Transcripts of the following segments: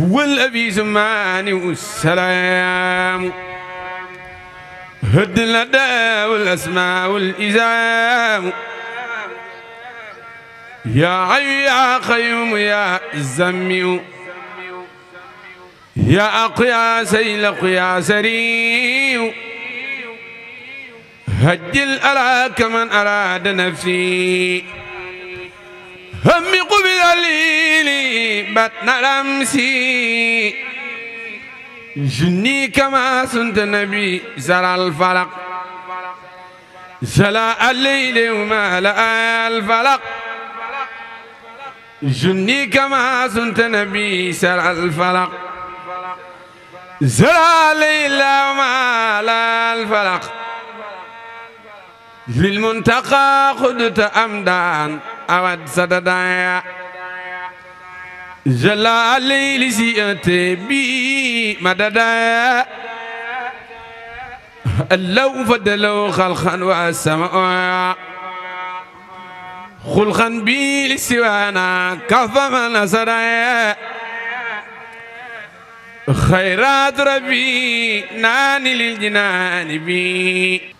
هو الأبي زمان والسلام هد لدى والأسماء والإزام يا حي يا خيوم يا الزمي يا أقيا سيل أقيا سري هجل أراك من أراد نفسي هم قبل الليل بطن الأمسي جني كما سنت نبي زرع الفلق زلاء الليل وما لأ الفلق جني كما سنت نبي زرع الفلق زرع الليل وما لأ الفلق lil muntaqa xuduta amdaan awad sadadaya jalaaley li si'ate bi madadaya allaw fadalaw xalxan wa sama'oya xulxan bi li siwaana kafama nasadaya xayraat rabbi naani lil jinaani bi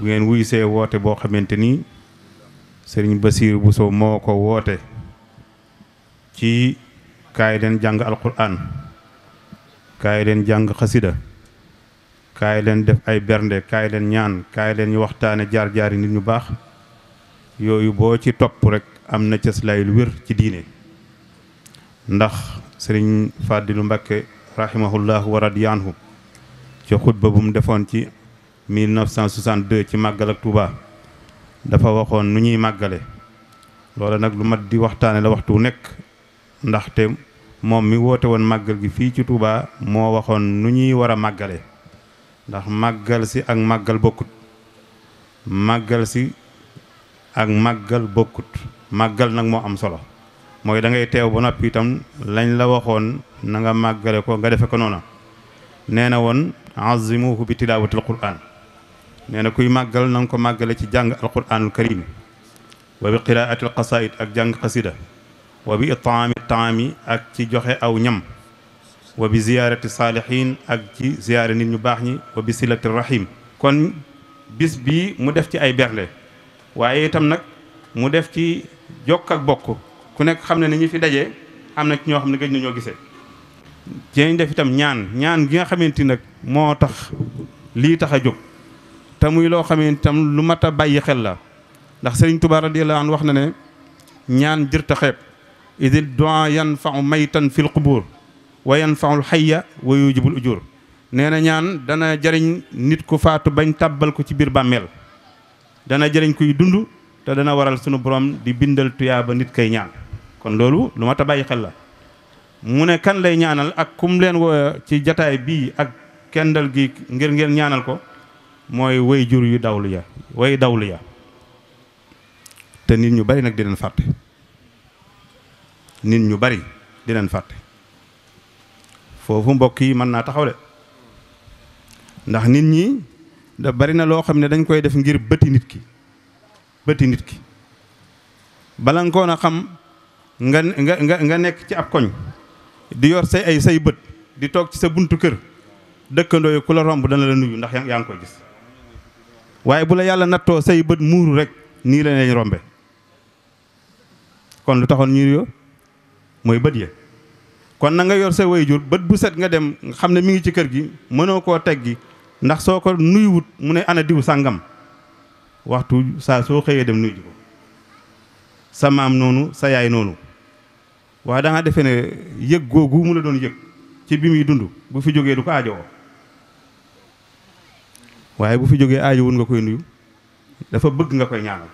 bu ngeen wuy woote boo xamante ni sëriñ Basiir bu Bousso moo ko woote ci kaay leen jàng alquran kaay leen jàng xasida kaay leen def ay bernde kaay ñaan kaay leen ñu waxtaane jaar jaari nit ñu baax yooyu boo ci topp rek am na cëslaay lu wér ci diine ndax sëriñ Fadilu Mbakke rahimahullahu wa radiyanhu ci xutba bu mu defoon ci 1962 ci màggal ak Touba dafa waxoon nu ñuy màggale loola nag lu mat di waxtaane la waxtu nekk ndaxte moom mi woote woon màggal gi fii ci Touba moo waxoon nu ñuy war a màggale ndax màggal si ak màggal bokkut màggal si ak màggal bokkut màggal nag moo am solo mooy da ngay teew ba noppi itam lañ la waxoon na nga màggale ko nga defe ko noona nee na woon azimuhu bi tilaawatil quraan nee na kuy màggal na ko màggale ci jàng alquranul karim wa bi qiraatil qasaid ak jàng xasida wa bi itaami taami ak ci joxe aw ñam wa bi ziyaarati saalihiin ak ci ziyaare nit ñu baax ñi wa bi silati rahim kon bis bii mu def ci ay berle waaye itam nag mu def ci jokk ak bokk ku nekk xam ne ni ñu fi daje am na ci ñoo xam ne gëj na ñoo gisee dinañ def itam ñaan ñaan gi nga xamante nag moo tax lii tax a jóg te muy loo xam ne itam lu mat a bàyyi xel la ndax sëriñ Tuubaa radiyallaahu anhu wax na ne ñaan jërta xeeb yan du'a yanfa'u maytan fil qubur wa yanfa'ul hayya wa yujibul ujur nee na ñaan dana jariñ nit ku faatu bañ tàbbal ko ci biir bàmmeel dana jëriñ kuy dund te dana waral sunu borom di bindal tuyaaba nit kay ñaan kon loolu lu mat a bàyyi xel la mu ne kan lay ñaanal ak kum leen woo ci jataay bii ak kenndal gi ngir ngeen ñaanal ko mooy woy jur yu dawlu ya woy dawlu ya te nit ñu bari nag dinañ fàtte nit ñu bari di dinañ fàtte foofu mbokk yi mën naa taxaw le ndax nit ñi da bari na loo xam ne dañ koy def ngir bëti nit ki bëti nit ki bala nga koon a xam nga nga nekk ci ab koñ di yor say ay say bët di toog ci sa buntu kër dëkkandoo yi ku la romb dana la nuyu ndax yaa ngi koy gis waaye bu la yàlla nattoo say bët muuru rek nii la lañ rombe kon lu taxoon ñuur yo mooy bët ya kon na nga yor sa way jur bët bu set nga dem xam ne mi ngi ci kër gi mënoo koo teggi ndax soo ko nuyuwut mu ne ana diw sàngam waxtu saa soo xëyee dem nuyu ko sa maam noonu sa yaay noonu waa da defe ne yëg googu mu la doon yëg ci bi muy dund bu fi jógee du ko aajowoo waaye bu fi jógee aajowul nga koy nuyu dafa bëgg nga koy ñaanal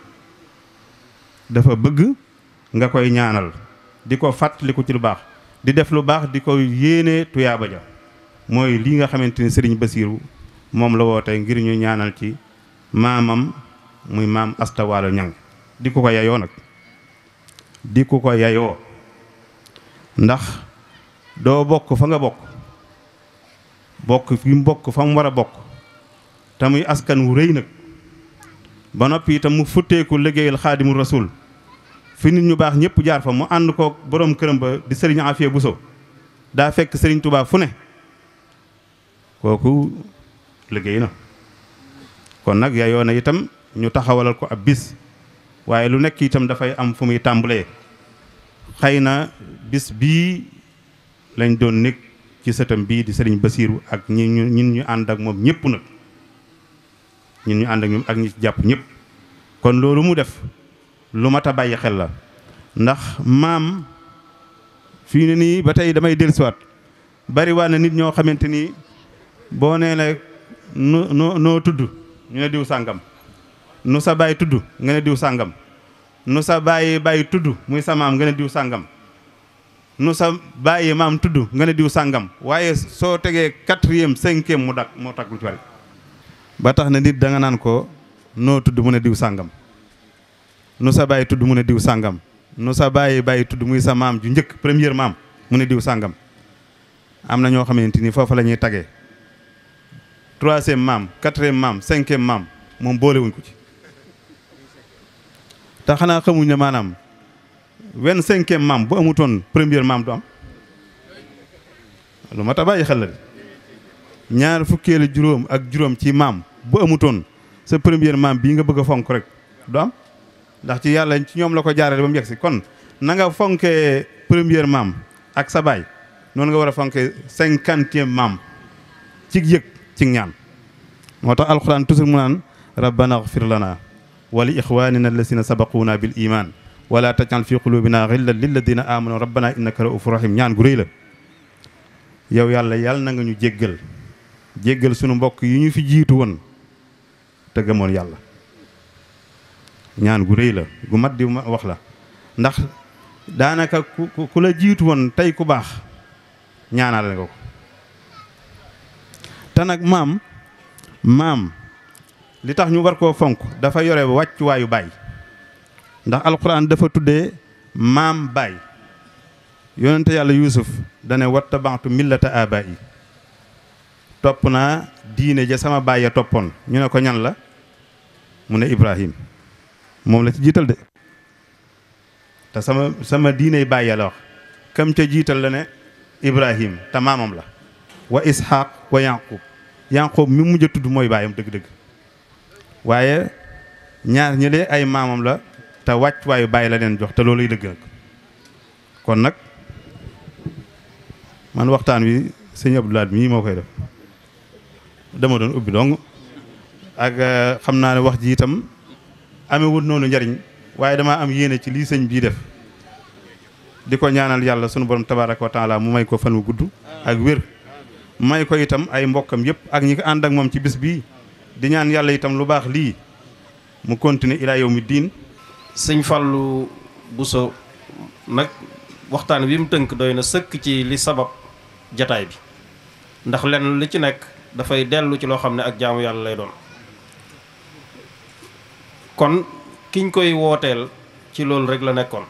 dafa bëgg nga koy ñaanal di ko fàttaliku ci lu baax di def lu baax di ko yéene tuyaaba ja mooy lii nga xamante ni sëriñ Basiiru moom la woote ngir ñu ñaanal ci maamam muy maam Asta Waalo Ñaŋ di ku ko yayoo nag di ku ko yayoo ndax doo bokk fa nga bokk bokk fi bokk fa mu war a bokk te askan wu rëy nag ba noppi itam mu futteeku liggéeyal xaadimu rasul fi nit ñu baax ñëpp jaar fa mu ànd koo borom këram ba di sëriñ bu Bousso daa fekk sëriñ tubaab fu ne kooku liggéey na kon nag yayoo na itam ñu taxawalal ko ab bis waaye lu nekk itam dafay am fu muy tàmbalee xëy na bis bii lañ doon nekk ci sëtam bii di sëriñ Basiiru ak ñi ñu ñu ànd ak moom ñëpp nag ñun ñu ànd ak ñoom ak ñi ci jàpp ñëpp kon loolu mu def lu mat a bàyyi xel la ndax maam fii ne nii ba tey damay dellusiwaat bari waa na nit ñoo xamante ni boo nee la no noo noo tudd ñu ne diw sàngam nu sa baay tudd nga ne diw sàngam nu sa bàyyi bàyyi tudd muy sa maam nga ne diw sàngam nu sa bàyyi maam tudd nga ne diw sàngam waaye soo tegee quatrième cinquième mu dak moo tak lu ci ba tax na nit danga naan ko noo tudd mu ne diw sàngam nu sa bàyyi tudd mu ne diw sàngam nu sa bàyyi bàyyi tudd muy sa maam ju njëkk première maam mu ne diw sàngam am na ñoo xamante ni foofu la ñuy tagee troisième maam quatrième maam cinquième maam moom boolewuñ ko ci te xanaa xamuñ ne maanaam wenn cinquième maam bu amutoon première maam du am lu ma ta bàyyi xel la ñaar fukkeelu juróom ak juróom ci maam bu amutoon sa première maam bii nga bëgg a fonk rek du ndax ci yàlla ci ñoom la ko jaarale ba mu yegsi kon na fonke fonkee première maam ak sa baay noonu nga war a fonkee cinquantième maam cig yëg ci ñaan moo tax alxuraan toujours mu naan rabbana xfir lana wa li ixwanina allasina sabaquuna bil iman wala tajal fi qulubina xillan lilladina na rabbana innaka raufu rahim ñaan gu réy la yow yàlla yàlla na nga ñu jéggal jéggal sunu mbokk yi ñu fi jiitu woon te gëmoon yàlla ñaan gu rëy la gu mat di wax la ndax daanaka ku la jiitu woon tey ku baax ñaanal na ko te nag maam maam li tax ñu war koo fonk dafa yore wàccuwaayu baay ndax alxuraan dafa tudde maam baay yonente yàlla yuusuf dane wattabaatu millata abaa'i topp naa diine ja sama baay toppoon ñu ne ko ñan la mu ne Ibrahim moom la ci jiital de te sama sama diiney baay ya la wax kam ca jiital la ne Ibrahim te maamam la wa Ishaq wa Yaqub Yaqub mi mujj tudd mooy baayam dëgg-dëgg waaye ñaar ñële ay maamam la te wàcc waayu baay la leen jox te looluy dëgg nag kon nag man waxtaan wi sëñ Abdoulaye mii moo koy def dama doon ubbi dong ak euh, xam naa ne wax ji itam amewut noonu njariñ waaye damaa am yéene ci lii sëñ bii def di ko ñaanal yàlla sunu borom tabaaraka wa mu may ko fan wu gudd ak wér may ko itam ay mbokkam yëpp ak ñi ko ànd ak moom ci bis bii di ñaan yàlla itam lu baax lii mu continuer ilaa yow mi diin sëñ bu so nag waxtaan wi mu tënk doy na sëkk ci li sabab jataay bi ndax lenn li ci nekk dafay dellu ci loo xam ne ak jaamu yàlla lay doon kon kiñ koy wooteel ci loolu rek la nekkoon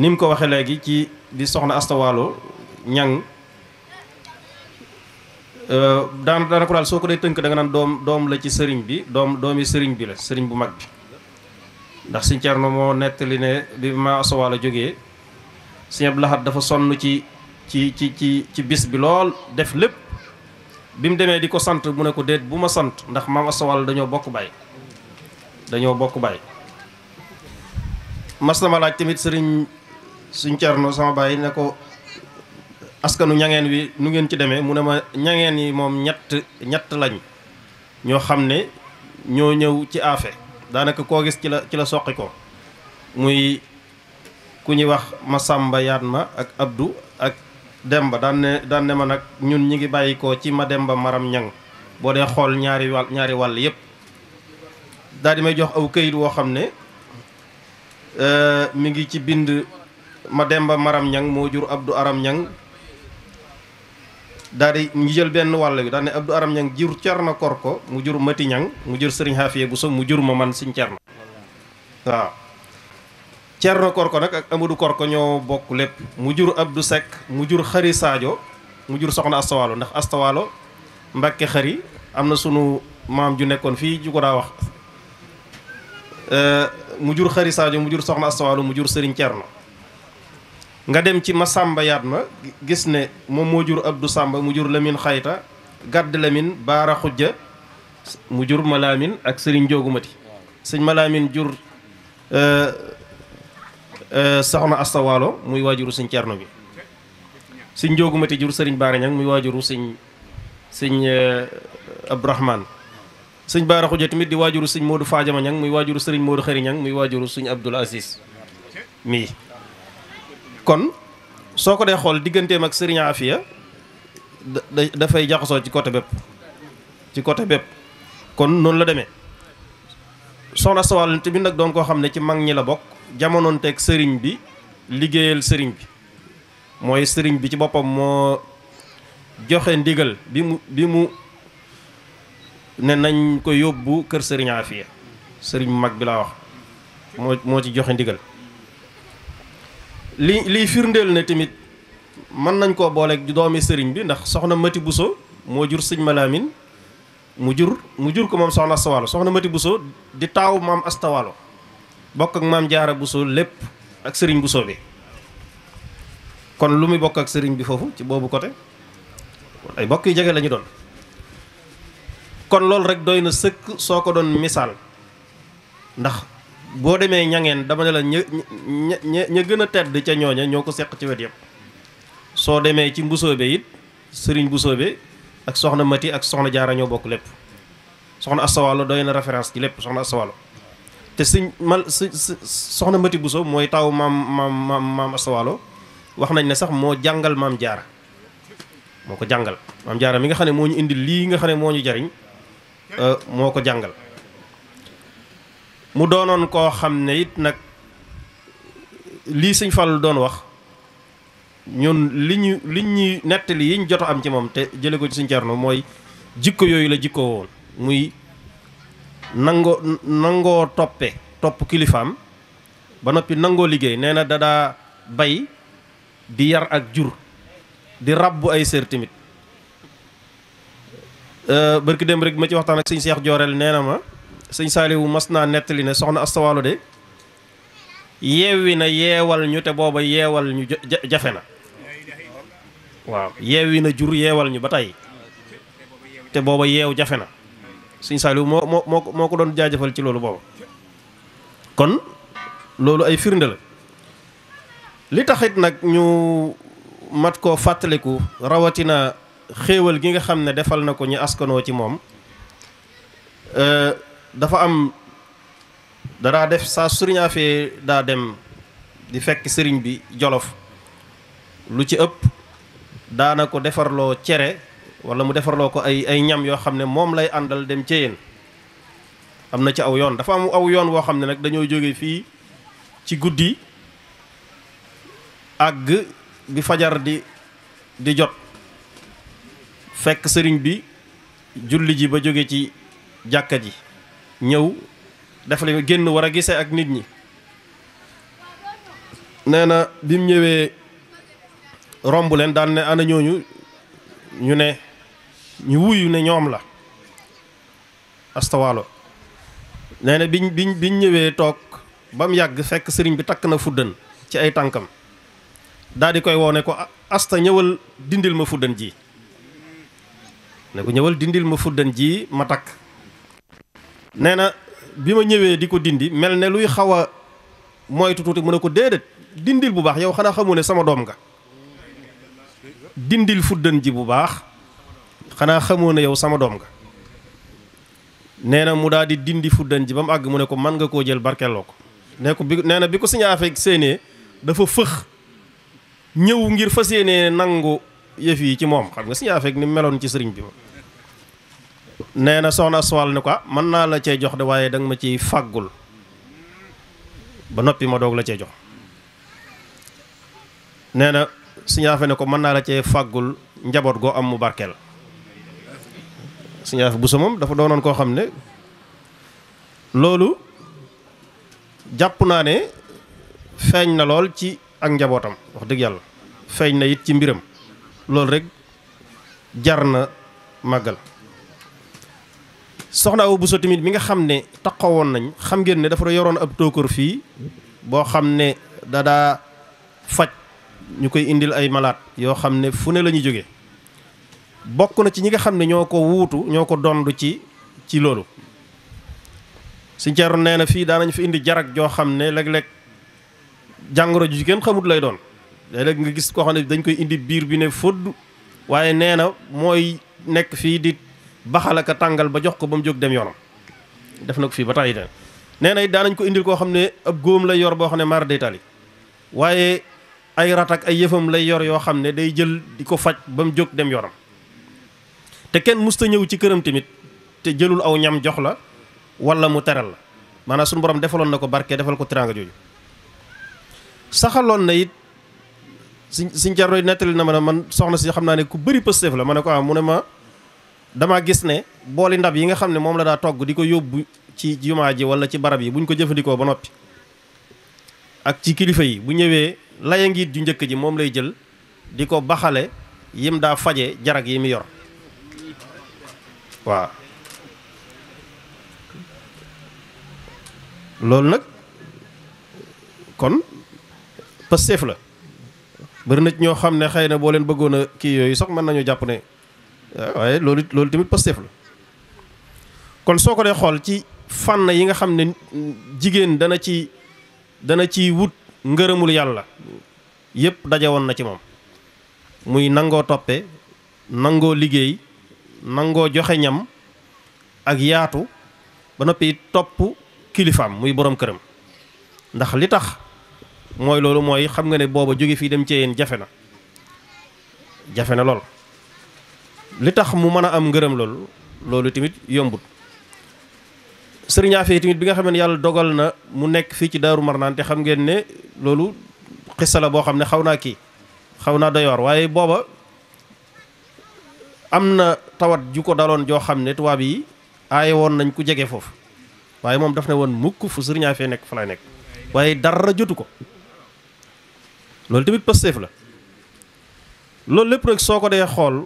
ni mu ko waxee léegi ci di soxna astawaalo ñang euh, daan daana daal soo ko dee tënk danga nga naan doom doom la ci sëriñ bi doom doomi sëriñ bi la sëriñ bu mag bi ndax Sëriñ Cerno moo nettali ne bi ma astawaalo jógee Sëriñ Abdu Lahad dafa sonn ci ci ci ci ci bis bi lool def lépp bi mu demee di ko sant mu ne ko déet bu ma sant ndax maam asawal dañoo bokk baay dañoo bokk baay mas na tamit sëriñ suñ cerno sama baay ne ko askanu ñangeen wi nu ngeen ci demee mu ne ma ñangeen yi moom ñett ñett lañ ñoo xam ne ñoo ñëw ci aafe daanaka koo gis ci la ci la soqi ko muy ku ñuy wax ma Masamba ma ak Abdou ak Demba daan ne ma nag ñun ñi ngi bàyyikoo ci ma Demba Maram Ñang boo dee xool ñaari wàll ñaari wàll yépp daal di may jox aw këyit woo xam ne euh, mi ngi ci bind ma Demba Maram Ñang moo jur Abdou Aram Ñang daal di ñu jël benn wàll bi daal ne Abdou Aram Ñang jur Cerno Korko mu jur Mati ñaŋ mu jur Sëriñ Xaafiye bu so mu jur ma man Sëriñ Cerno waaw Cerno Korko nag ak Amadou Korko ñoo bokk lépp mu jur ab Abdou Seck mu jur xari saajo mu jur soxna Astawaalo ndax Astawaalo Mbàkke xari am na sunu maam ju nekkoon fii ju ko daa wax euh, mu jur xari Sadio mu jur soxna Astawaalo mu jur Sëriñ Cerno nga dem ci ma Masamba ma gis ne moom moo jur ab du Samba mu jur Lamine Xayta Gàdd Lamine Baara Xujja mu jur Malamine ak Sëriñ Joogu sëñ Malamine jur euh, Euh, soxna Asta Waalo muy waajuru sëñ Cerno bi sëñ Njoogu Mati jur sëriñ Baara Ñang muy waajuru sëñ sëñ euh, Abdourahman sëñ Baara Xuja tamit di waajuru sëñ Moodu Faajama Ñang muy waajuru sëriñ Moodu Xëri Ñang muy waajuru sëñ Abdul Aziz mii kon soo ko dee xool digganteem ak sëriñ Afia dafay jaxasoo ci côté bépp ci côté bépp kon noonu la deme soxna Sawal tamit nag doon koo xam ne ci mag ñi la bokk jamonoonteeg sëriñ bi liggéeyal sëriñ bi mooy sëriñ bi ci boppam moo joxe ndigal bi mu bi mu ne nañ ko yóbbu kër sëriñ Afia sëriñ mag bi laa wax moo moo ci joxe ndigal li liy firndeel ne tamit mën nañ koo booleeg doomi sëriñ bi ndax soxna Mati Bousso moo jur sëñ Malamine mu jur mu jur ko moom soxna Astawalo soxna Mati Bousso di taaw maam Astawalo bokk ak maam jaara Bousso lépp ak sëriñ Bousso bi kon lu muy bokk ak sëriñ bi foofu ci boobu côté ay bokk yu jege lañu doon kon loolu rek doy na sëkk soo ko doon misaal ndax boo demee ñangeen dama ne la ña ña ña gën a tedd ca ñooña ñoo ko seq ci wet yëpp soo demee ci Bousso bi it sëriñ Bousso bi ak soxna Mati ak soxna jaara ñoo bokk lépp soxna Asawalo doy na référence ci lépp soxna Asawalo te sëñ man soxna Mati buso mooy taw maam maam maam maam Astawaalo wax nañ ne sax moo jàngal maam jaara moo ko jàngal maam mi nga xam ne moo ñu indi lii nga xam ne moo ñu jariñ euh, moo ko jàngal mu doonoon koo xam ne it nag lii sëñ Fallu doon wax ñun li ñu li ñuy nettali yi ñu jot am ci moom te jële ko ci sëñ Cerno mooy jikko yooyu la jikkoo woon muy nangoo nangoo toppe topp kilifaam ba noppi nangoo liggéey nee na dadaa bay di yar ak jur di rabbu ay sër tamit euh, bërki dem rek ma ci waxtaan ak sëñ Seex Jooreel nee na ma sëñ Saaliwu mas naa nettali ne soxna Astawaalo de yeewi na yeewal ñu te booba yeewal ñu jafe na waaw yeewi na jur yeewal ñu ba tey te booba yeew jafe na sëñ Saliou moo moo moo ko doon jaajafal ci loolu boobu kon loolu ay firnde la li taxit nag ñu mat koo fàttaliku rawatina xéewal gi nga xam ne defal na ko ñu askanoo ci moom euh, dafa am danaa def saa suriñaa daa dem di fekk sëriñ bi jolof lu ci ëpp daana ko defarloo cere wala mu defarloo ko ay ay ñam yoo xam ne moom lay àndal dem ceyeen am na ci aw yoon dafa am aw yoon woo xam ne nag dañoo jóge fii ci guddi àgg bi fajar di di jot fekk sëriñ bi julli ji ba jóge ci jàkka ji ñëw defale génn war a gise ak nit ñi nee na bim ñëwee romb leen daan ne ana ñooñu ñu ne ñu wuyu ne ñoom la astawaalo nee na biñ biñ biñ ñëwee toog ba mu yàgg fekk sëriñ bi takk na fuddën ci ay tànkam daldi koy wone ko asta ñëwal dindil ma fuddën ji ne ñëwal dindil ma fuddan ji ma takk nee na bi ma ñëwee di ko dindi mel ne luy xaw a moytu tuuti mu ne ko déedéet dindil bu baax yow xanaa xamu ne sama doom nga dindil fuddën ji bu baax xanaa xamoon ne yow sama doom nga nee na mu daal di dindi fuddan ji ba mu àgg mu ne ko man nga koo jël barkeeloo ko ne ko bi nee na bi ko Sëñ Afe séenee dafa fëx ñëw ngir fa yéenee nangu yëf yi ci moom xam nga Sëñ Afe ni meloon ci sëriñ bi ma nee na soxna Aswal ne ko ah, mën naa la cee jox de waaye danga ma ciy fàggul ba noppi ma doog la cee jox nee na Sëñ ne ko mën naa la cee fàggul njaboot goo am mu barkeel sëñ Afe moom dafa doonoon koo xam ne loolu jàpp naa ne feeñ na lool ci ak njabootam wax dëgg yàlla feeñ na it ci mbiram loolu rek jar na màggal soxna Awa Bousso tamit mi nga xam ne woon nañ xam ngeen ne dafa yoroon ab tóokër fii boo xam ne dadaa faj ñu koy indil ay malaat yoo xam ne fu ne la ñuy jóge bokk na ci ñi nga xam ne ñoo ko wuutu ñoo ko dond ci ci loolu si ceeru nee na fii daanañ fi indi jarak joo xam ne léeg-léeg jàngoro ju kenn xamut lay doon léeg nga gis koo xam ne dañ koy indi biir bi ne fëdd waaye nee na mooy nekk fii di baxalaka tàngal ba jox ko ba mu jóg dem yoonam def na ko fii ba tàyyi de nee na it daanañ ko indil koo xam ne ab góom lay yor boo xam ne mar day tali waaye ay ratak ay yëfam lay yor yoo xam ne day jël di ko faj ba mu jóg dem yoonam te kenn musta ñëw ci këram tamit te jëlul aw ñam jox la wala mu teral la maanaam suñu borom defaloon na ko barke defal ko teraanga jooju saxaloon na it si siñ jarroy nettali na ma ne man soxna si xam naa ne ku bari pëstef la ma ne ko ah mu ne ma dama gis ne booli ndab yi nga xam ne moom la daa togg di ko yóbbu ci jumaa ji wala ci barab yi buñ ko jëfandikoo ba noppi ak ci kilifa yi bu ñëwee laya ngiit yu njëkk ji moom lay jël di ko baxale yim daa faje jarag yi mu yor waaw loolu nag kon Pastef la bëri na ñoo xam ne xëy na boo leen bëggoon a kii yooyu sax mën nañu jàpp ne ah, waaye loolu loolu tamit Pastef la kon soo ko dee xool ci fànn yi nga xam ne jigéen dana ci dana ci wut ngërëmul yàlla yépp daje woon na ci moom muy nangoo toppe nangoo liggéey nangoo joxe ñam ak yaatu ba noppi topp kilifaam muy boroom këram ndax li tax mooy loolu mooy xam nga ne booba jóge fii dem ceeyeen jafe na jafe na lool li tax mu mën a am ngërëm loolu loolu tamit yombut sëriñ tamit bi nga xam ne yàlla dogal na mu nekk fii ci Daaru Marnaan te xam ngeen ne loolu xissa boo xam ne xaw naa ki xaw naa doy waar waaye booba am na tawat ju ko daloon joo xam ne tubaab yi aaye woon nañ ku jege foofu waaye moom daf ne woon mukk fu sëriñaa nekk fa lay nekk waaye dara jotu ko loolu tamit pësteef la loolu lépp rek soo ko dee xool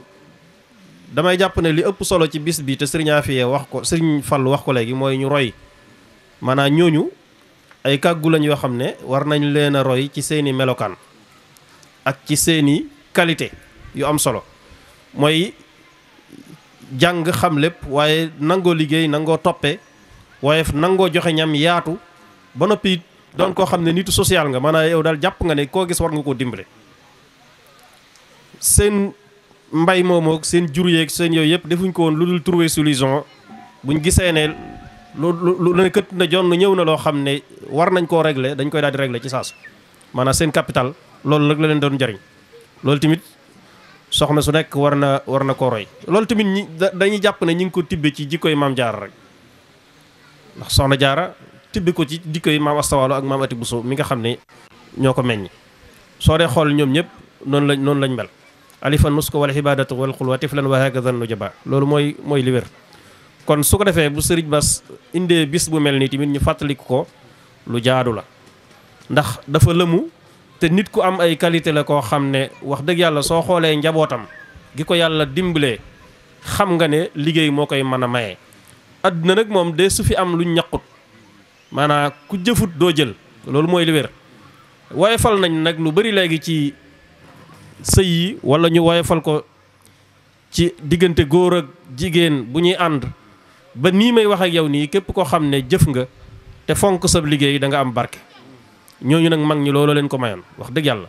damay jàpp ne li ëpp solo ci bis bi te sëriñ wax ko sëriñ Fallu wax ko léegi mooy ñu roy maanaam ñooñu ay kàggu lañ yoo xam ne war nañ leen a roy ci seeni melokaan ak ci seeni qualité yu am solo jàng xam lépp waaye nangoo liggéey nangoo toppe waaye nangoo joxe ñam yaatu ba noppi doon koo xam ne nitu social nga maanaam yow daal jàpp nga ne koo gis war nga koo dimbale seen mbay moomook seen jur yeeg seen yooyu yëpp defuñ ko woon lu dul trouver solution buñ gisee ne lu lu lu kët na jonn ñëw na loo xam ne war nañ koo régler dañ koy daal di régler ci saasu maanaam seen capital loolu nag la leen doon jariñ loolu tamit soxna su nekk war na war na ko roy loolu tamit ñi dañuy jàpp ne ñu ngi ko tibbe ci jikkoy maam jaara rek ndax soxna jaara tibbe ko ci jikkoy maam astawaalo ak maam ati buso mi nga xam ne ñoo ko meññ soo dee xool ñoom ñëpp noonu lañ noonu lañ mel alifan nusko wal xibaadatu wal xulwa tiflan wa hakadan nu jaba loolu mooy mooy li wér kon su ko defee bu sëriñ Bass indee bis bu mel nii tamit ñu fàttaliku ko lu jaadu la ndax dafa lëmu te nit ku am ay qualité la koo xam ne wax dëgg yàlla soo xoolee njabootam gi ko yàlla dimbalee xam nga ne liggéey moo koy mën a maye. àdduna nag moom de su fi am lu ñaqut maanaa ku jëfut doo jël loolu mooy li wér waaye fal nañ nag lu bari léegi ci sëy yi wala ñu waaye ko ci diggante góor ak jigéen bu ñuy ànd ba nii may wax ak yow nii képp koo xam ne jëf nga te fonk sa liggéey danga am barke. ñooñu nag mag ñi looloo leen ko mayoon wax dëgg yàlla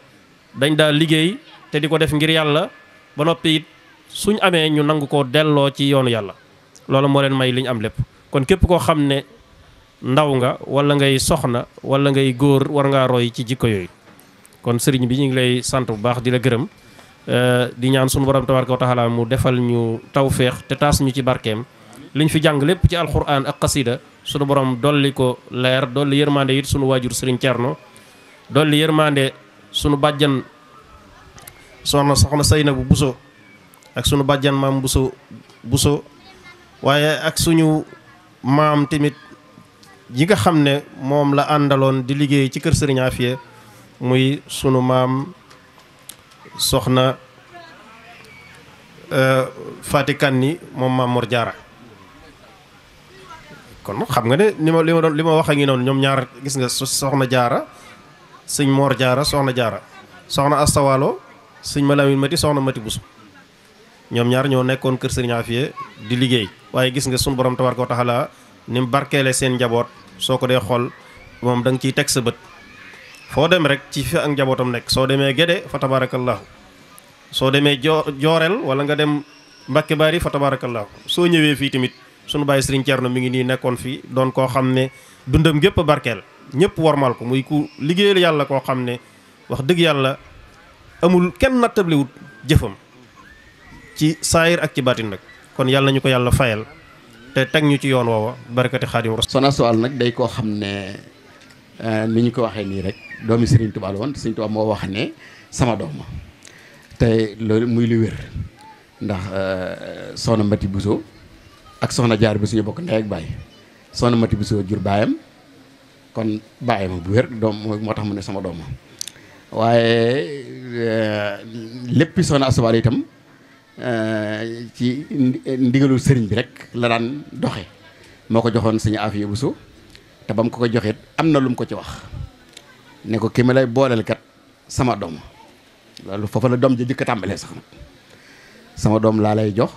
dañ daa liggéey te di ko def ngir yàlla ba noppi it suñ amee ñu nangu ko delloo ci yoonu yàlla loolu moo leen may li ñu am lépp kon képp koo xam ne ndaw nga wala ngay soxna wala ngay góor war ngaa roy ci jikko yooyu kon sëriñ bi ñu ngi lay sant bu baax di la gërëm di ñaan sunu borom tabaraka wa taala mu defal ñu tawféex te taas ñu ci barkeem li ñu fi jàng lépp ci alxuraan ak xasida sunu borom dolli ko leer dolli yërmande it sunu waajur sëriñ Thierno dolli yërmande sunu bàjjan soxna soxna bu Buso ak sunu bàjjan maam Buso waaye ak suñu maam tamit yi nga xam ne moom la àndaloon di liggéey ci kër sëriñ Afia muy sunu maam soxna euh, Fati Kanni moom maam Mor Jaara kon xam nga ne li ma li ma doon li ma wax a ngi noonu ñoom ñaar gis nga soxna jaara sëñ moor jaara soxna jaara soxna astawalo sëñ malamin mati soxna mati busu ñoom ñaar ñoo nekkoon kër sëriñ Afiye di liggéey waaye gis nga sunu borom tabaraka wa taala ni mu barkeele seen njaboot soo ko dee xool moom da nga ciy teg sa bët foo dem rek ci fi ak njabootam nekk soo demee Gédé fa tabarakallahu soo demee jo jooreel wala nga dem Mbàkke Bari fa tabarakallahu soo ñëwee fii tamit sunu bàyyi sëriñ Thierno mu ngi nii nekkoon fii doon koo xam ne dundam gépp barkeel ñëpp warmal ko muy ku liggéeyal yàlla koo xam ne wax dëgg yàlla amul kenn nattablewut jëfam ci saayir ak ci baatin nag kon yàlla ñu ko yàlla fayal te teg ñu ci yoon woowa barakati xaadim rasul Soxna Su Waalo nag day koo xam ne euh, ni ñu ko waxee nii rek doomi Sëriñ Tuubaa la woon Sëriñ moo wax ne sama loolu muy lu wér ndax euh, soxna Mbati Buso ak soxna jaar bi suñu bokk ndey ak baay soxna mati bi soo jur baayam kon baayam bu wér doom moo tax mu ne sama doom waaye eh, léppi soxna asubaar itam eh, ci ndigalul sëriñ bi rek la daan doxe moo ko joxoon suñu afiya bu te ba ko ko joxee am na lu mu ko ci wax ne ko kii ma lay booleel kat sama doom loolu foofa la doom ja jëkk tàmbalee sax nag sama doom laa lay jox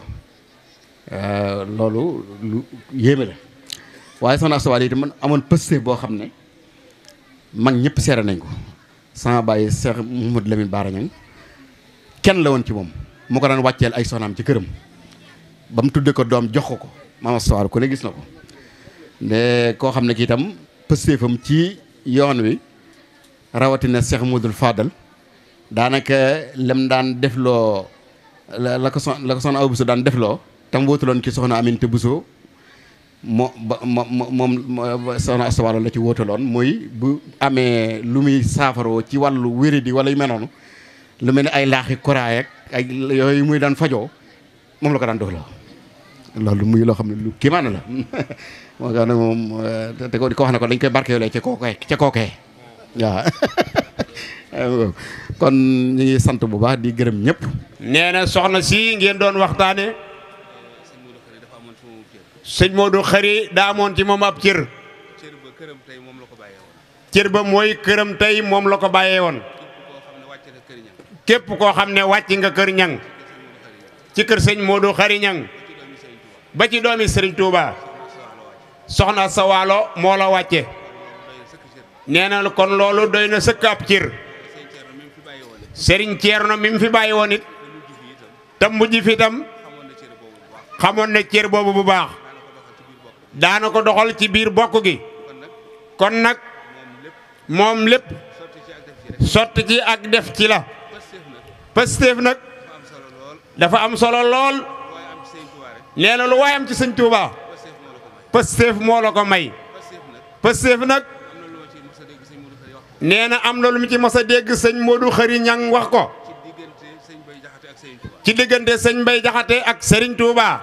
Euh, loolu lu yéeme la waaye soxna Asta Wally itam man amoon pëste boo xam ne mag ñëpp seere nañ ko sama bàyyi Cheikh Mouhamadou Lamine Bara Niang kenn la woon ci moom mu ko daan wàcceel ay soxnaam ci këram ba mu tuddee ko doom jox ko ko maam Asta Wally ku ne gis na ko mais koo xam ne kii itam pëste fam ci yoon wi rawatina Cheikh Mouhamadoul Fadal daanaka lem daan defloo la ko son la ko soxna Awa Bousso daan defloo tam wóotaloon ci soxna Aminata Bousso moo mo moom soxna Asta Walo la ci wóotaloon mooy bu amee lu muy saafaroo ci wàllu wéridi wala yu mel noonu lu mel ne ay laaxi koraay ak ay yooyu muy daan fajoo moom la ko daan la lu muy loo xam ne lu kéemaan la moo tax nag moom te ko di ko wax ne ko lañ koy barkeelee ca kookee ca kookee waaw. kon ñu ngi sant bu baax di gërëm ñëpp. nee soxna si ngeen doon waxtaanee. sëñ Modou Khari daa amoon ci moom ab cër. cër ba këram tey moom la ko bàyyee ba mooy këram tey moom la ko bàyyee woon. képp koo xam ne wàcc nga kër ñang ci kër sëñ Modou Khari ñang ba ci doomi Serigne Touba. soxna sa waalo moo la wàcce. nee na kon loolu doy na sëkk ab sëriñ Serigne Thierno mi mu fi bàyyi woon it. te mujj fi tam xamoon na cër boobu bu baax. daana ko doxal ci biir bokk gi kon nag moom lépp sotti ci ak def ci la Pastef nag dafa am solo lool nee na lu waay ci sëñ Tuuba Pastef moo la ko may Pastef nag nee na am na lu mu ci mos a dégg sëñ Modou Xari Ñang wax ko ci diggante sëñ Mbay Jaxate ak Serigne Touba.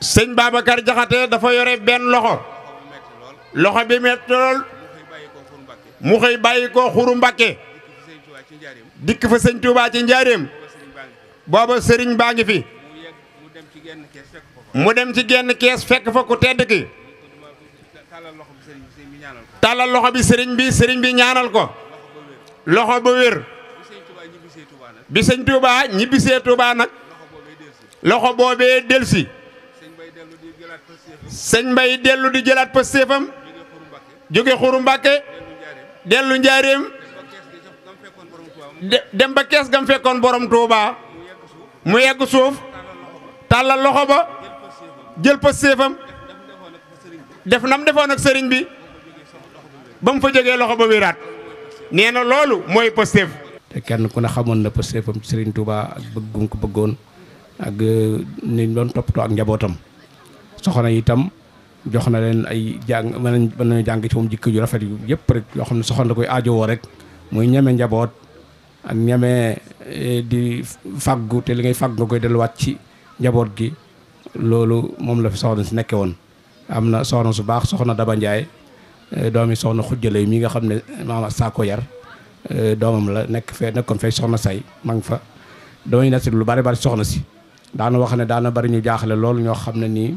sëñ Babacar Jaxate dafa yore benn loxo loxo bi metti lool mu xëy bàyyi ko xuru Mbàkke dikk fa sëñ Touba ci njaareem booba sëriñ baa ngi fi mu dem ci genn kees fekk fa ku tedd ki tàllal loxo bi sëriñ bi sëriñ bi ñaanal ko loxo ba wér bi sëñ Touba ñibbisee Touba nag loxo boobee delsi sëñ Mbay dellu di jëlaat pëstéefam jóge xuru Mbàkke dellu njaareem dem ba kees gam fekkoon borom Touba mu yegg suuf tàllal loxo ba jël pëstéefam def nam defoon ak sëriñ bi ba mu fa jógee loxo ba wiraat nee na loolu mooy pëstéef te kenn ku ne xamoon na pëstéefam sëriñ Touba ak bëggum ko bëggoon ak ni doon toppatoo ak njabootam soxna itam jox na leen ay jàng mën na mën nañu jàng ci moom ju rafet yu yëpp rek yoo xam ne soxna da koy aajowoo rek muy ñeme njaboot ak ñeme eh, di fàggu li ngay fàgg nga koy delluwaat ci njaboot gi loolu moom la fi soxna si nekke woon am na soxna su baax soxna Daba Ndiaye eh, doomi soxna xujjalay mii nga xam ne maama saako yar eh, doomam la nekk fee nekkoon fee soxna say ma ngi fa damay na si lu bari bari soxna si daana wax ne daana bari ñu jaaxle loolu ñoo xam ne nii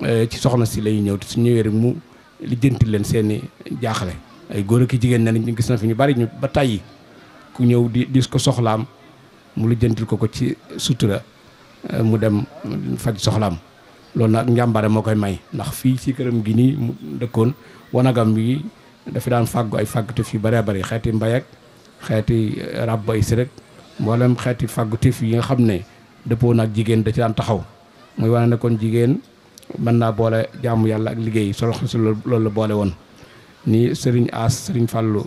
Eh, ci soxna si lay ñëw te su ñëwee rek mu lijjanti leen seeni i jaaxle ay góor ak jigéen ne ñu gis na fi ñu bari ñu ba tàyyi ku ñëw di dis ko soxlaam mu lijjantil ko ko ci ra eh, mu dem faj soxlaam loolu nag njàmbaare moo koy may ndax fii ci këram gi nii mu dëkkoon wanagam bi dafa daan fàggu ay fàggutif yu bëree bëri xeeti mbay xeeti eh, ràbb ay sërëg mboolem xeeti fàggutif yi nga xam ne dëppoo ak jigéen da ci daan taxaw muy wane ne jigéen mën naa boole jàmm yàlla ak liggéey solo xam si loolu la boole woon ni sëriñ As sëriñ Fallou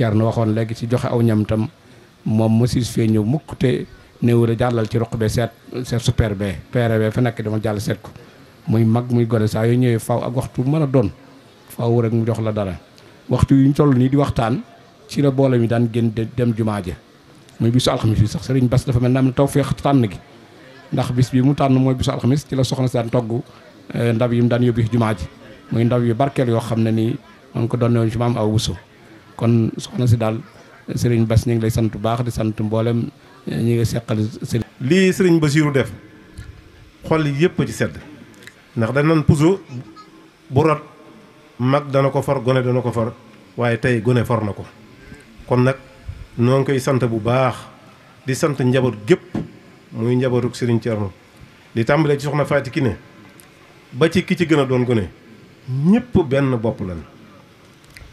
na waxoon léegi ci joxe aw ñam tam moom mosis fee ñëw mukk te néew la jàllal ci roq be seet seet su père be père be dama jàll seet ko muy mag muy gone saa yooyu ñëwee faw ak waxtu mën a doon faw rek mu jox la dara waxtu yu ñu toll nii di waxtaan ci la boole mi daan génn dem jumaa ja muy bisu alxamis bi sax sëriñ Bas dafa mel naa am na taw feex tànn gi ndax bis bi mu tànn mooy bisu alxamis ci la soxna si togg Eh, ndab yi mu daan yóbbu ci muy ndaw yu barkeel yoo xam ne nii ma ko doon woon ci maam aw wusu kon soxna si daal sëriñ Bass ñu ngi sant bu baax di sant mboolem eh, ñi ngi seqal sëriñ lii sëriñ Bassirou def xol yëpp ci sedd ndax dañ naan puso bu rot mag dana ko for gone dana ko for waaye tey gone for na ko kon nag noo ngi koy sant bu baax di sant njaboot gépp muy njabootuk sëriñ Thierno di tàmbalee ci soxna Faati Kine ba ci ki ci gën a doon gone ñëpp benn bopp lañ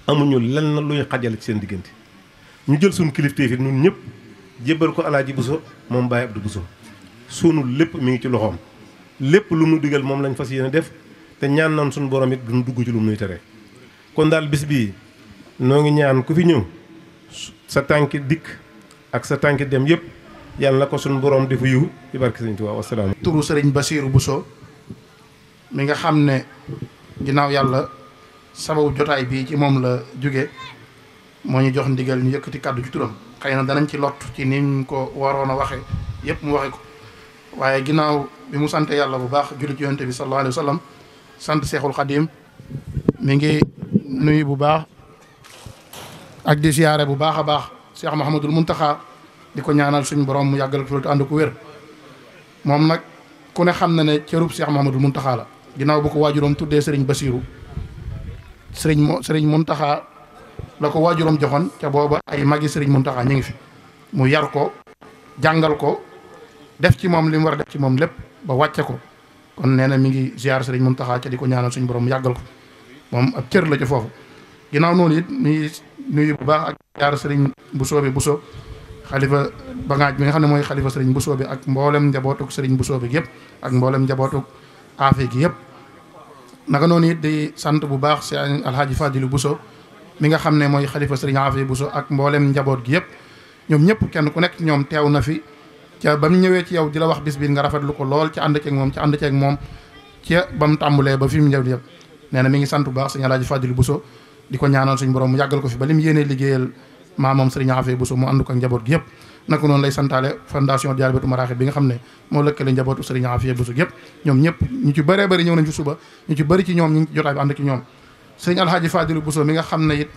amuñu lenn lu ñu xajale ci seen diggante ñu jël suñu kilifteef yi ñun ñëpp jébbal ko alaaji Buso moom Baye Abdou Buso sunu lépp mu ngi ci loxoom lépp lu mu digal moom lañ fas yéene def te ñaan noon suñu borom it duñ dugg ci lu muy tere kon daal bis bii noo ngi ñaan ku fi ñëw sa tànki dikk ak sa tànki dem yëpp yàlla na ko suñu borom defu yiw ci barke Sëriñ Tuubaa wa salaam. turu Sëriñ Basiiru Buso mi nga xam ne ginnaaw yàlla sababu jotaay bi ci moom la jóge moo ñu jox ndigal ñu yëkkati kàddu ci turam xëy na danañ ci lott ci niñ ko waroon a waxe yëpp mu waxe ko waaye ginnaaw bi mu sante yàlla bu baax julli ci yonte bi sallallahu wa sallam sant seexul xadim mi ngi nuyu bu baax ak di siyaare bu baax a baax Cheikh Mahamadul Muntaxa di ko ñaanal suñu borom mu yàggal ko ànd ko wér moom nag ku ne xam na ne cërub Cheikh Mahamadul Muntaxa la ginnaaw bu ko waajuroom tuddee sëriñ Basiiru sëriñ mo sëriñ Muntaxa la ko waajuroom joxoon ca booba ay magi sëriñ Muntaxa ñu ngi fi mu yar ko jàngal ko def ci moom li mu war a def ci moom lépp ba wàcce ko kon nee na mi ngi ziar sëriñ Muntaxa ca di ko ñaanal suñu borom yàggal ko moom ab cër la ci foofu ginaaw noonu it nuyu nuyu bu baax ak ziar sëriñ Bousso bu Bousso xalifa bagaaj bi nga xam ne mooy xalifa sëriñ Bousso bi ak mboolem njabootuk sëriñ Bousso bi yëpp ak mboolem njabootuk aafe gi yëpp naka noonu it di sant bu baax si alxaaji Fadilu Buso mi nga xam ne mooy xalifa sëriñ aafe Buso ak mboolem njaboot gi yëpp ñoom ñëpp kenn ku nekk ñoom teew na fi ca ba mu ñëwee ci yow di la wax bis bi nga rafetlu ko lool ci ànd ceeg moom ci ànd ceeg moom ca ba mu tàmbulee ba fi mu ñëw yëpp nee na mi ngi sant bu baax sëriñ alxaaji Fadilu Buso di ko ñaanal suñu borom mu yàggal ko fi ba li mu yéenee liggéeyal maamam sëriñ aafe Buso mu ànd ko ak njaboot gi yëpp naka noonu lay santaale fondation Dialibatoul Marakhib bi nga xam ne moo lëkkale njabootu Serigne a Bousso yëpp ñoom ñëpp ñu ci bare bëri ñëw nañ ci suba ñu ci bëri ci ñoom ñu ngi jotaay bi ànd ci ñoom Serigne Alhaji Fadilu Bousso mi nga xam ne it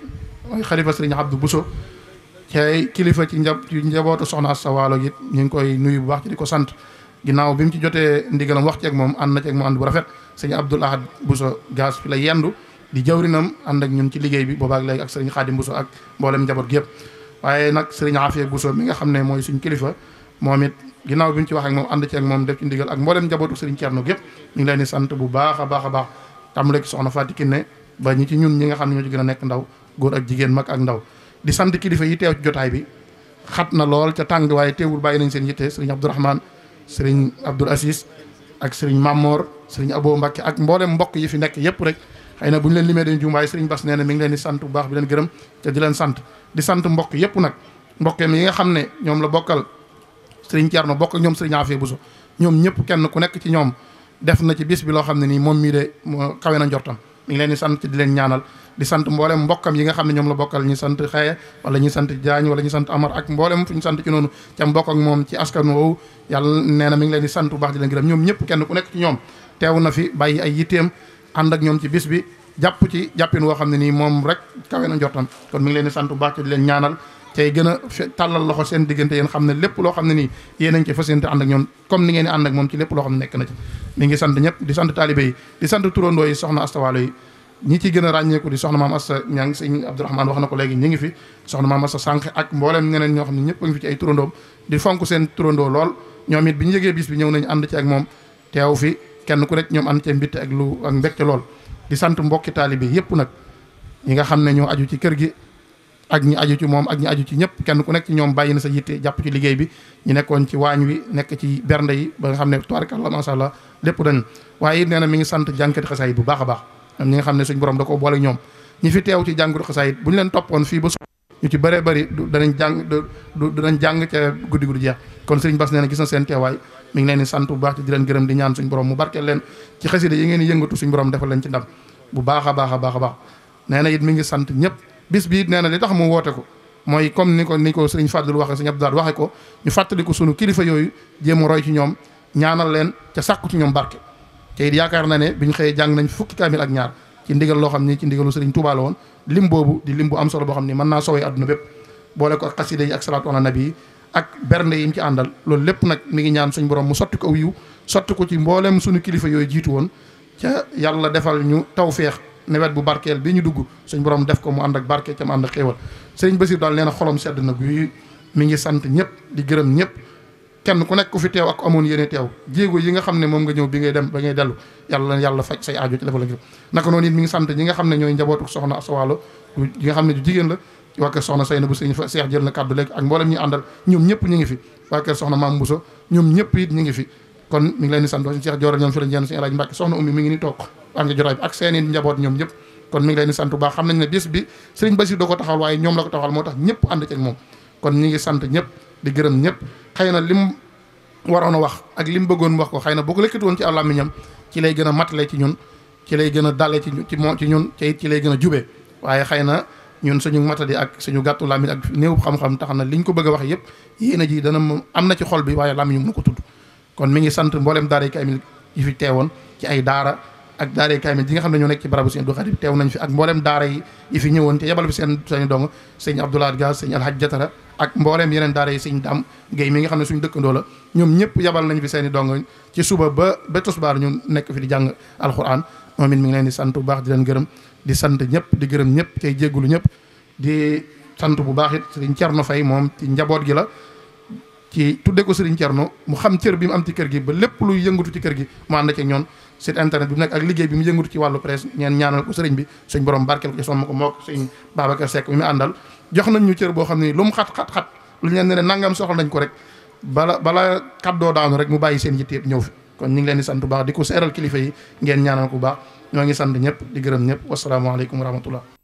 mooy xalifa Serigne Abdou Bousso cay kilifa ci njab ci njabootu soxna Sawaalo it ñu ngi koy nuyu bu baax ci ko sant ginnaaw bi mu ci jotee ndigalam wax ceeg moom ànd na ceeg moom bu rafet Serigne Abdoul Ahad Bousso gaz fi la yendu di jawrinam ànd ak ñun ci liggéey bi boobaak léegi ak Serigne Khadim Bousso ak mboolem njaboot gi yëpp waaye nag sëriñ Afia Bousso mi nga xam ne mooy suñ kilifa moom it ginnaaw bi ñu ci waxee ak moom moom def ci ndigal ak mboolem njabootu sëriñ Thierno gépp ñu ngi leen sant bu baax a baax a baax tàmbale ci soxna Fatou Kiné ba ñi ci ñun ñi nga xam ne ñoo ci gën nekk ndaw góor ak jigéen mag ak ndaw di sant kilifa yi teew jotaay bi xat na lool ca tàng waaye teewul bàyyi nañ seen yitte sëriñ Abdourahmane sëriñ Abdoul Aziz ak sëriñ Mamor sëriñ Abo Mbacké ak mboolem mbokk yi fi nekk yépp rek xëy na bu ñu leen limee dañu juum waaye sëriñ Bass nee na mi ngi leen di sant baax bi leen gërëm te di leen sant di sant mbokk yëpp nag mbokkeem yi nga xam ne ñoom la bokkal sëriñ Thierno bokk ak ñoom sëriñ Afia Bousso ñoom ñëpp kenn ku nekk ci ñoom def na ci bis bi loo xam ne nii moom mii de kawe na njortam mi leen di sant di leen ñaanal di sant mboolem mbokkam yi nga xam ne ñoom la bokkal ñu sant xaye wala ñu sant jaañ wala ñu sant amar ak mboolem ñu sant ci noonu mbokk ak moom ci askan woowu yàlla nee na mi ngi leen sant bu baax di leen gërëm ñoom ñëpp kenn ku nekk ci na fi bàyyi ay yitteem ànd ak ñoom ci bis bi jàpp ci jàppin woo xam ne nii moom rek kawe na njortam kon mi ngi leen di sant bu baax di leen ñaanal tey gën a loxo seen diggante yéen xam ne lépp loo xam ne nii yéen a ngi ci fas comme ni ngeen di ànd ak moom ci lépp loo xam ne nekk na ci mi ngi sant ñëpp di sant taalibe yi di ci gën ràññeeku di soxna maam asta ñaa ngi sëñ abdourahmaan wax na ko ngi fi soxna maam asta sànq ak mbooleem ñeneen ñoo xam ne ñëpp a ci ay turandoom di fonk seen turandoo ñoom it bi ñu yëgee bis ñëw nañu ànd ci ak moom teew fi kenn ku nekk ñoom am cee mbitte ak lu ak mbégte lool di sant mbokki taalibe yépp nag ñi nga xam ne ñoo aju ci kër gi ak ñi aju ci moom ak ñi aju ci ñëpp kenn ku nekk ci ñoom bàyyi na sa yitte jàpp ci liggéey bi ñu nekkoon ci waañ wi nekk ci bernde yi ba nga xam ne tubaarkalla macha la lépp dañ waaye it nee na mi ngi sant jànkati xasaay bu baax a baax ñi nga xam ne suñ borom da ko boole ñoom ñi fi teew ci jàngatu xasaay bu ñu leen toppoon fii ba ñu ci bëree bëri danañ jàng danañ jàng ca guddi guddi jeex kon sëriñ Bass nee na gis seen teewaay mi ngi leen di sant bu baax ci di leen gërëm di ñaan suñ borom mu barkeel leen ci xasida yi ngeen di yëngatu suñ borom defal leen ci ndam bu baax a baax a baax na it mi ngi sant ñëpp bis bi it nee li tax mu woote ko mooy comme ni ko ni ko sëriñ Fadul waxe sëriñ Abdoulaye waxe ko ñu fàttaliku sunu kilifa yooyu jéem a roy ci ñoom ñaanal leen ca sàkku ci ñoom barke te it yaakaar na ne bi ñu jàng nañ fukki kaamil ak ñaar ci ndigal loo xam ni ci ndigalu boo xam ni mën naa sowee adduna ak bernde yi mu ci àndal loolu lépp nag mi ngi ñaan suñu borom mu sotti ko aw yiw sotti ko ci mboolem suñu kilifa yooyu jiitu woon ca yàlla defal ñu tawféex nawet bu barkeel bi ñu dugg suñu borom def ko mu ànd ak barke ca mu ànd ak xéewal sëriñ Basiir daal nee na xolom sedd na guy mi ngi sant ñëpp di gërëm ñëpp kenn ku nekk ku fi teew ak amoon yenee teew jéego yi nga xam ne moom nga ñëw bi ngay dem ba ngay dellu yàlla yàlla faj say aajo ci defal la naka noonu it mi ngi sant ñi nga xam ne ñooy njabootu soxna Asawalo yi nga xam ne ju jigéen la waa kër soxna Sayna bu Seex jël na kàddu léegi ak mboolem ñu àndal ñoom ñëpp ñu ngi fi waa kër soxna Maam Bousso ñoom ñëpp it ñu ngi fi kon mi ngi leen di sant suñu Seex Joor ñoom fi lañ jenn suñu Alaaji Mbàkke soxna Ummi mi ngi ni toog am nga jotaay bi ak seeni njaboot ñoom ñëpp kon mi ngi leen di baax xam nañ ne bis bi sëriñ Basiru da ko taxawal waaye ñoom la ko taxawal moo tax ñëpp ànd ci moom kon ñi ngi sant ñëpp di gërëm ñëpp xëy na lim waroon a wax ak lim bëggoon wax ko xëy na boo ko lëkkati woon ci aw làmmiñam ci lay gën a matale ci ñun ci lay gën a dale ci ci moo ci ñun ci ci lay gën a jubee waaye xëy na ñun suñu matadi ak suñu gàttu làmmiñ ak néew xam-xam tax na liñ ko bëgg a wax yëpp yéena ji dana am na ci xol bi waaye làmmiñ mënu ko tudd kon mi ngi sant mboolem daara kaamil yi fi teewoon ci ay daara ak daara kaamil yi nga xam ne ñoo nekk ci barabu seen du xarit teew nañ fi ak mboolem daara fi ñëwoon te yebal fi seen seen dong sëñ Abdoulaye Gass sëñ Alhaj Jatara ak mboolem yeneen daara yi sëñ Dam Guèye mi nga xam ne suñu dëkkandoo la ñoom ñëpp yebal nañ fi seen i dong ci suba ba ba tosbaar ñu nekk fi di jàng alquran moom it mi ngi leen di sant bu baax di leen gërëm di sant ñëpp di gërëm ñëpp tey jéggulu ñëpp di sant bu baax it sëriñ Thierno fay moom ci njaboot gi la ci tudde ko sëriñ Thierno mu xam cër bi mu am ci kër gi ba lépp luy yëngatu ci kër gi mu ànd ci ñoon site internet bi mu ak liggéey bi mu yëngatu ci wàllu presse ñeen ñaanal ko sëriñ bi suñ borom barkeel ko ci somm ko àndal jox nañ ñu cër boo xam ne lu mu xat xat xat lu ñeen leen ne nangam soxla nañ ko rek bala bala kaddoo daanu rek mu bàyyi seen yitte ñëw fi kon ñu ngi leen di sant bu baax di ko seeral kilifa yi ngeen ñaanal ko bu baax ñoo ngi sant ñëpp di gërëm ñëpp wasalaamaaleykum wa